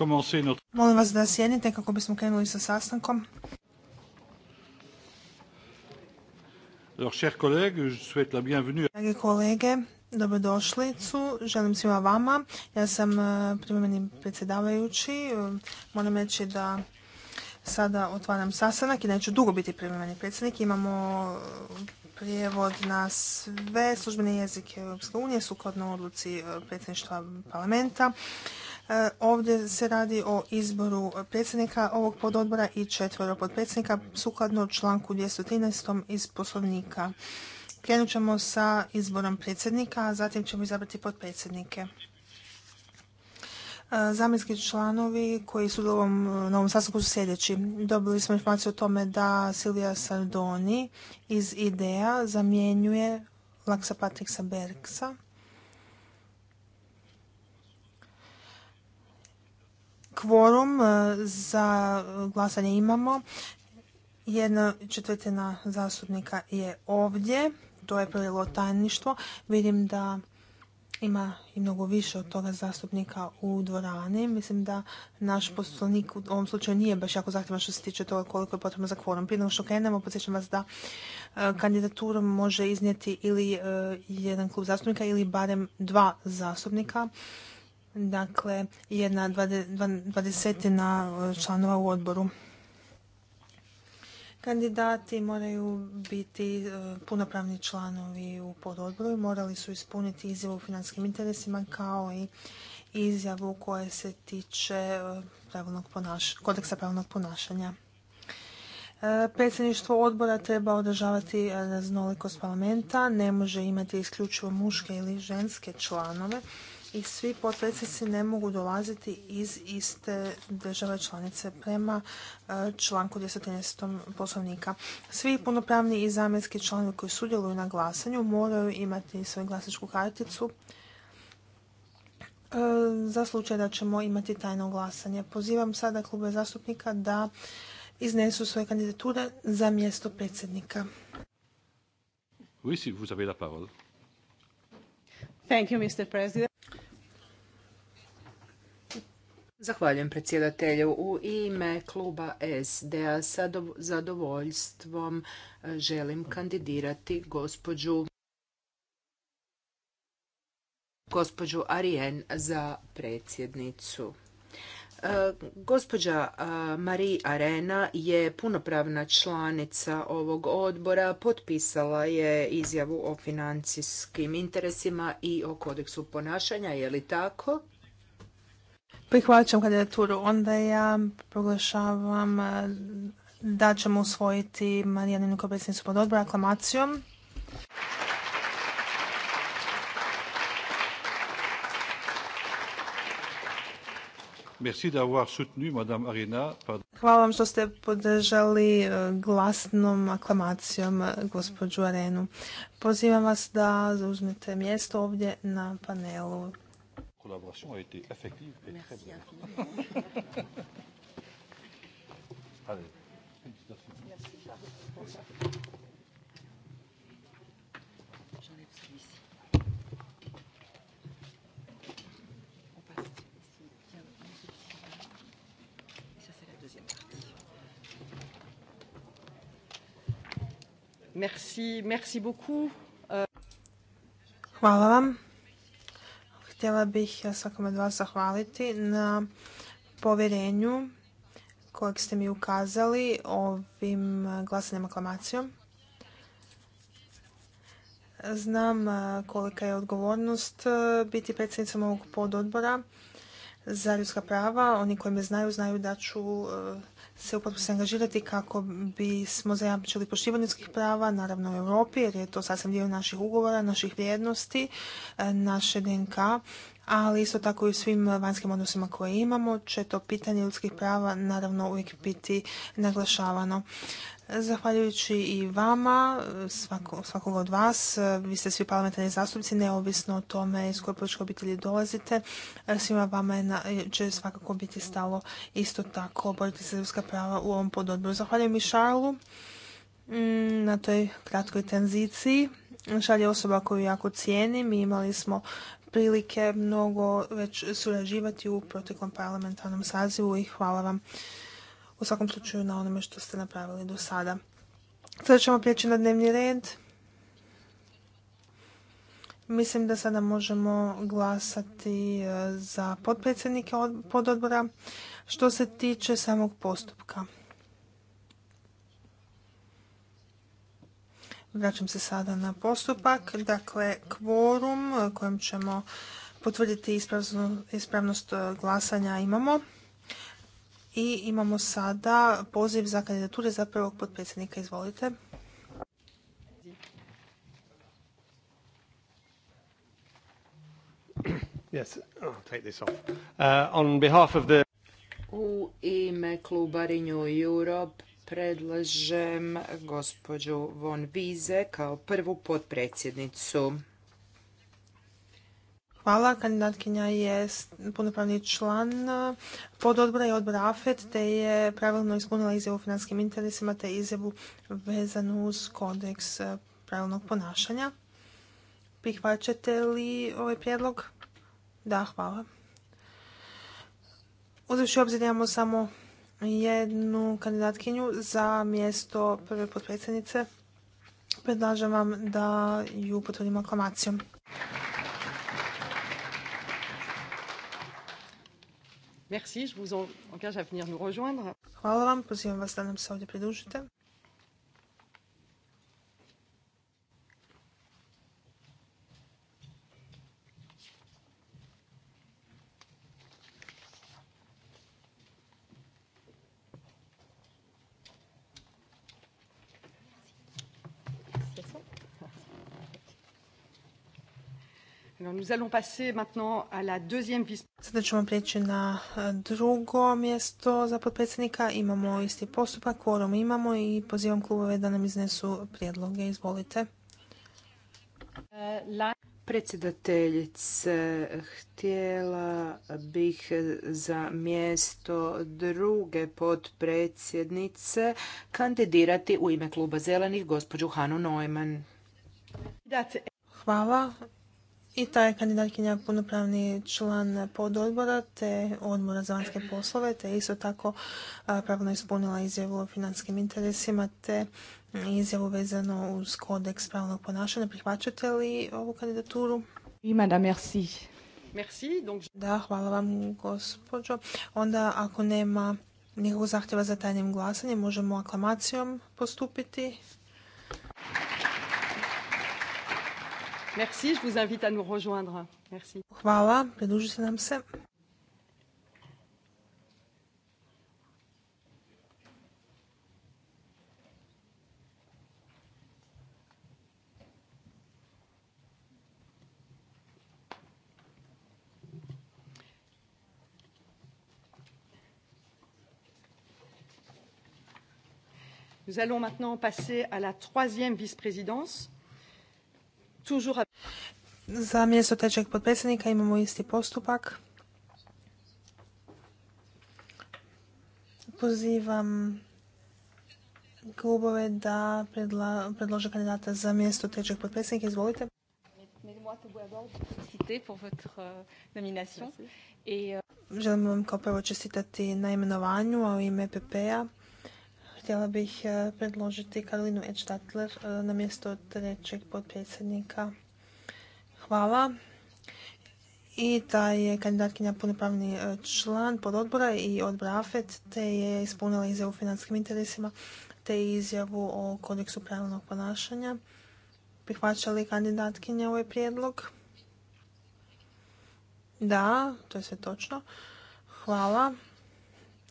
Molim vas da sjednite kako bismo krenuli sa sastankom. Dragi kolege, dobrodošlicu. Želim svima vama. Ja sam e, primjenjeni predsjedavajući. E, moram reći da sada otvaram sastanak i neću dugo biti primjenjeni predsjednik. Imamo prijevod na sve službene jezike Europske unije sukladno odluci e, predsjedništva parlamenta. E, ovdje se radi o izboru predsjednika ovog pododbora i četvero podpredsjednika sukladno članku 213. iz poslovnika. Krenut ćemo sa izborom predsjednika, a zatim ćemo izabrati podpredsjednike. Zamjenski članovi koji su u ovom e, novom sastanku su sljedeći. Dobili smo informaciju o tome da Silvija Sardoni iz IDEA zamjenjuje Laksa Patriksa Bergsa. Kvorum e, za glasanje imamo. Jedna četvrtina zastupnika je ovdje. To je prvjelo tajništvo. Vidim da ima i mnogo više od toga zastupnika u dvorani. Mislim da naš poslovnik u ovom slučaju nije baš jako zahtjevan što se tiče toga koliko je potrebno za kvorum. Prije nego što krenemo, podsjećam vas da e, kandidaturu može iznijeti ili e, jedan klub zastupnika ili barem dva zastupnika. Dakle, jedna dvadesetina e, članova u odboru. Kandidati moraju biti e, punopravni članovi u pododboru i morali su ispuniti izjavu u financijskim interesima kao i izjavu koja se tiče e, kodeksa pravnog ponašanja. E, predsjedništvo odbora treba održavati raznolikost parlamenta, ne može imati isključivo muške ili ženske članove i svi potpredsjednici ne mogu dolaziti iz iste države članice prema e, članku 213. poslovnika. Svi punopravni i zamjenski članovi koji sudjeluju na glasanju moraju imati svoju glasačku karticu e, za slučaj da ćemo imati tajno glasanje. Pozivam sada klube zastupnika da iznesu svoje kandidature za mjesto predsjednika. Oui, si vous avez la parole. Thank you, Mr. Zahvaljujem predsjedatelju. U ime kluba SDA sa zadovoljstvom e, želim kandidirati gospođu gospođu Arijen za predsjednicu. E, gospođa e, Marie Arena je punopravna članica ovog odbora, potpisala je izjavu o financijskim interesima i o kodeksu ponašanja, je li tako? prihvaćam kandidaturu, onda ja proglašavam e, da ćemo usvojiti Marijaninu kao predsjednicu pod odbora aklamacijom. Hvala vam što ste podržali e, glasnom aklamacijom e, gospođu Arenu. Pozivam vas da zauzmete mjesto ovdje na panelu collaboration a été effective et Merci très bonne. Allez. Merci, J'enlève celui-ci. On passe ici. Tiens, et ça c'est la deuxième partie. Merci, merci beaucoup. Euh, Hvala vam. Htjela bih svakome od vas zahvaliti na povjerenju kojeg ste mi ukazali ovim glasanjem aklamacijom. Znam e, kolika je odgovornost e, biti predsjednicom ovog pododbora za ljudska prava. Oni koji me znaju, znaju da ću e, se upravo se angažirati kako bismo zajamčili poštivanje ljudskih prava, naravno u Europi, jer je to sasvim dio naših ugovora, naših vrijednosti, e, naše DNK ali isto tako i u svim vanjskim odnosima koje imamo će to pitanje ljudskih prava naravno uvijek biti naglašavano. Zahvaljujući i vama, svakog od vas, vi ste svi parlamentarni zastupnici, neovisno o tome iz koje političke obitelji dolazite, svima vama će svakako biti stalo isto tako boriti se ljudska prava u ovom pododboru. Zahvaljujem i Šarlu mm, na toj kratkoj tranziciji. Šalje osoba koju jako cijenim i imali smo prilike mnogo već surađivati u proteklom parlamentarnom sazivu i hvala vam u svakom slučaju na onome što ste napravili do sada. Sada ćemo prijeći na dnevni red. Mislim da sada možemo glasati e, za podpredsjednike pododbora što se tiče samog postupka. Vraćam se sada na postupak. Dakle, kvorum kojem ćemo potvrditi ispravnost glasanja imamo. I imamo sada poziv za kandidature za prvog potpredsjednika. Izvolite. Oh, uh, on behalf U ime kluba Renew predlažem gospođu Von Vize kao prvu podpredsjednicu. Hvala. Kandidatkinja je punopravni član pododbora i odbora AFET, te je pravilno ispunila izjavu u finanskim interesima te izjavu vezanu uz kodeks pravilnog ponašanja. Prihvaćate li ovaj prijedlog? Da, hvala. Uzavši obzir imamo samo jednu kandidatkinju za mjesto prve potpredsjednice. Predlažem vam da ju potvrdimo aklamacijom. Hvala vam, pozivam vas da nam se ovdje pridružite. Sada ćemo prijeći na e, drugo mjesto za potpredsjednika. Imamo isti postupak, kvorom imamo i pozivam klubove da nam iznesu prijedloge. Izvolite. Predsjedateljice, htjela bih za mjesto druge potpredsjednice kandidirati u ime kluba zelenih gospođu Hanu Neumann. Hvala. I ta je kandidatkinja punopravni član pododbora te odbora za vanjske poslove, te isto tako pravno ispunila izjavu o financijskim interesima te mm, izjavu vezano uz kodeks pravnog ponašanja. Prihvaćate li ovu kandidaturu? Ima da, merci. Merci, Da, hvala vam gospođo. Onda ako nema nikakvog zahtjeva za tajnim glasanjem, možemo aklamacijom postupiti. Merci, je vous invite à nous rejoindre. Merci. Hvala, pridružite nam se. Nous allons maintenant passer à la troisième vice-présidence za mjesto trećeg potpredsjednika imamo isti postupak. Pozivam klubove da predlože kandidata za mjesto trećeg potpredsjednika. Izvolite. Želim vam kao prvo čestitati na imenovanju, a u ime PP-a Htjela bih e, predložiti Karolinu Edstadler e, na mjesto trećeg potpredsjednika. Hvala. I ta je kandidatkinja punopravni e, član pod odbora i odbora AFET, te je ispunila izjavu o financijskim interesima, te izjavu o kodeksu pravilnog ponašanja. Prihvaća li kandidatkinja ovaj prijedlog? Da, to je sve točno. Hvala.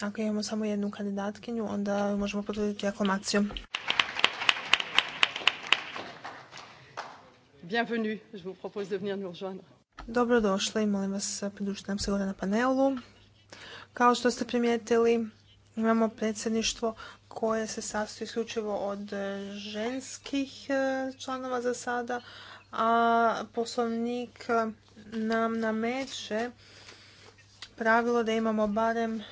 Ako imamo samo jednu kandidatkinju, onda možemo potvrditi aklamaciju. Bienvenue, je vous propose de venir molim vas pridružite nam se na panelu. Kao što ste primijetili, imamo predsjedništvo koje se sastoji isključivo od ženskih e, članova za sada, a poslovnik nam nameće pravilo da imamo barem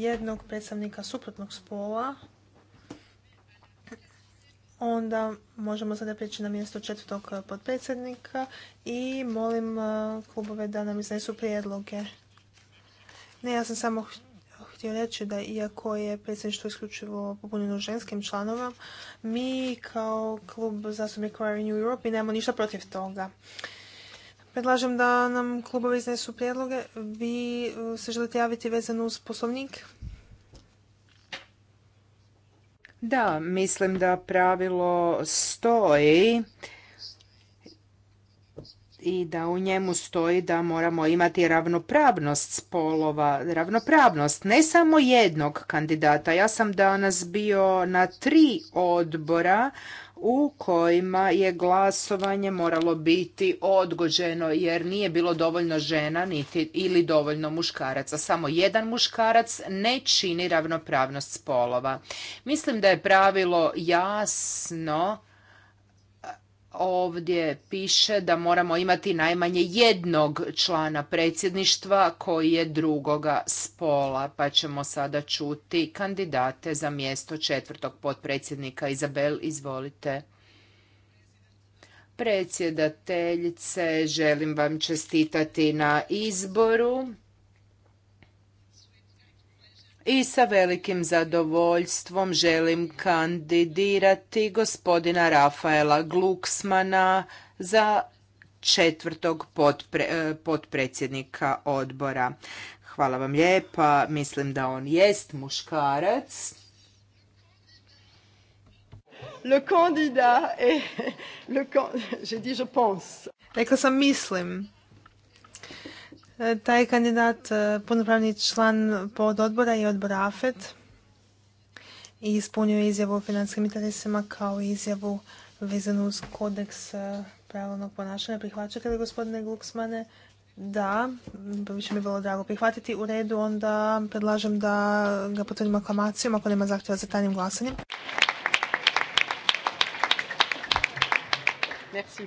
jednog predstavnika suprotnog spola, onda možemo sada prijeći na mjesto četvrtog eh, podpredsjednika i molim eh, klubove da nam iznesu prijedloge. Ne, ja sam samo htio reći da iako je predsjedništvo isključivo popunjeno ženskim članovom, mi kao klub zastupnika New Europe nemamo ništa protiv toga. Predlažem da nam klubovi iznesu prijedloge. Vi uh, se želite javiti vezano uz poslovnik? Da, mislim da pravilo stoji i da u njemu stoji da moramo imati ravnopravnost spolova, ravnopravnost ne samo jednog kandidata. Ja sam danas bio na tri odbora u kojima je glasovanje moralo biti odgođeno jer nije bilo dovoljno žena niti ili dovoljno muškaraca. Samo jedan muškarac ne čini ravnopravnost spolova. Mislim da je pravilo jasno ovdje piše da moramo imati najmanje jednog člana predsjedništva koji je drugoga spola, pa ćemo sada čuti kandidate za mjesto četvrtog potpredsjednika. Izabel, izvolite. Predsjedateljice, želim vam čestitati na izboru i sa velikim zadovoljstvom želim kandidirati gospodina Rafaela Gluksmana za četvrtog e, potpredsjednika odbora. Hvala vam lijepa, mislim da on jest muškarac. Le candidat Le je pense. Rekla sam mislim. E, taj kandidat e, punopravni član pod odbora i odbora AFET i ispunio je izjavu o financijskim interesima kao izjavu vezanu uz kodeks e, pravilnog ponašanja. Prihvaćate li gospodine Glucksmane? Da, bi će mi bilo drago prihvatiti. U redu, onda predlažem da ga potvrdimo aklamacijom ako nema zahtjeva za tajnim glasanjem. Merci.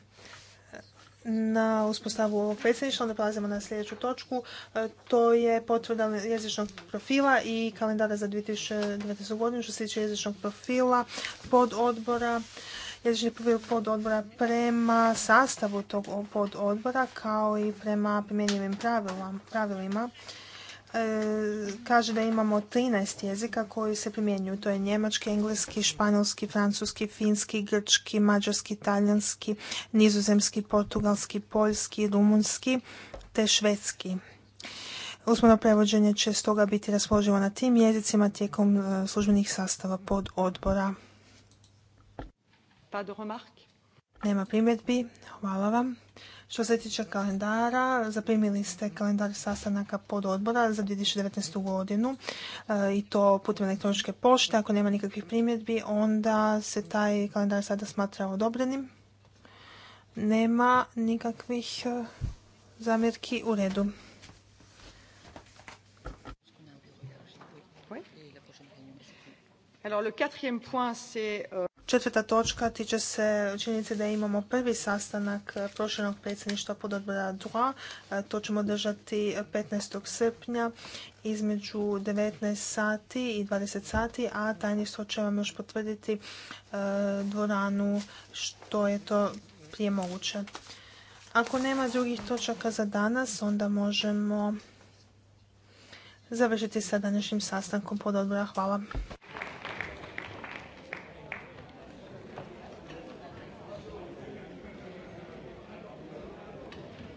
na uspostavu ovog predsjedništva. Onda prelazimo na sljedeću točku. E, to je potvrda jezičnog profila i kalendara za 2019. godinu što se tiče jezičnog profila pod odbora jezični profil odbora prema sastavu tog pododbora kao i prema primjenjivim pravilima. E, kaže da imamo 13 jezika koji se primjenjuju. To je njemački, engleski, španjolski, francuski, finski, grčki, mađarski, talijanski, nizozemski, portugalski, poljski, rumunski te švedski. Usmeno prevođenje će stoga biti raspoloživo na tim jezicima tijekom e, službenih sastava pod odbora. Pa do remarque? Nema primjedbi. Hvala vam. Što se tiče kalendara, zaprimili ste kalendar sastanaka pod odbora za 2019. godinu e, i to putem elektroničke pošte. Ako nema nikakvih primjedbi, onda se taj kalendar sada smatra odobrenim. Nema nikakvih e, zamjerki u redu. Euh, Četvrta točka tiče se činjenice da imamo prvi sastanak eh, prošljenog predsjedništva pod odbora 2. Eh, to ćemo držati 15. Eh, srpnja između 19 sati i 20 sati, a tajništvo će vam još potvrditi dvoranu što je to prije moguće. Ako nema drugih točaka za danas, onda možemo završiti sa današnjim sastankom pod odbora. Hvala.